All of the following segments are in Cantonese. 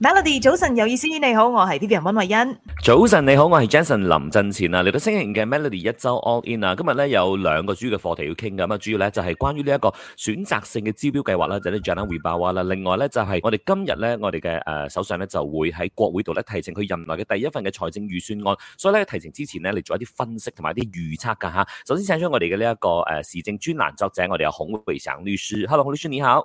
Melody，早晨有意思，你好，我係 B B 人溫慧欣。早晨你好，我係 Jason 林振前啊，嚟到星期五嘅 Melody 一周 All In 啊，今日咧有兩個主要嘅課題要傾噶，咁啊主要咧就係、是、關於呢一個選擇性嘅招標計劃啦，就是、Jana Vibawa, 呢，啲賬單匯報啦，另外咧就係我哋今日咧我哋嘅誒首相咧就會喺國會度咧提呈佢任內嘅第一份嘅財政預算案，所以咧提呈之前咧嚟做一啲分析同埋一啲預測噶吓。首先請出我哋嘅呢一個誒、呃、時政專欄作者，我哋嘅孔偉祥律師，Hello 孔律師你好。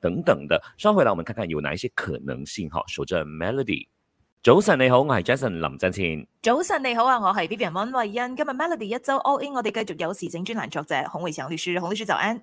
等等的，稍後回來我們看看有哪一些可能性哈。守着 Melody，早晨你好，我係 Jason 林振前。早晨你好啊，我係 Vivian 溫慧欣。今日 Melody 一周 All In，我哋繼續有時政專欄作者孔維祥律師，孔律師早安。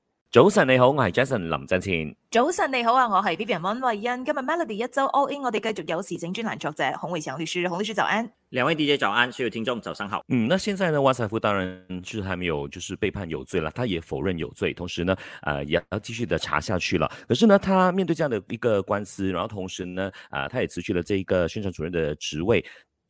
早晨你好，我是 Jason 林振清。早晨你好啊，我是 Vivian 溫慧欣。今日 Melody 一周 All In，我哋繼續有時政專欄作者孔維祥律師，孔律師早安。兩位 DJ 早安，所有聽眾早上好。嗯，那現在呢，萬彩富當然是還沒有就是被判有罪了，他也否認有罪，同時呢，呃、也要繼續的查下去了。可是呢，他面對這樣的一個官司，然後同時呢，啊、呃，他也辭去了這一個宣傳主任的職位。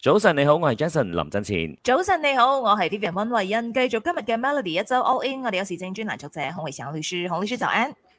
早晨你好，我係 Jason 林振前。早晨你好，我係 Vivian 溫慧欣。繼續今日嘅 Melody 一周 All In，我哋有時政專欄作者洪維祥律師，洪律師早安。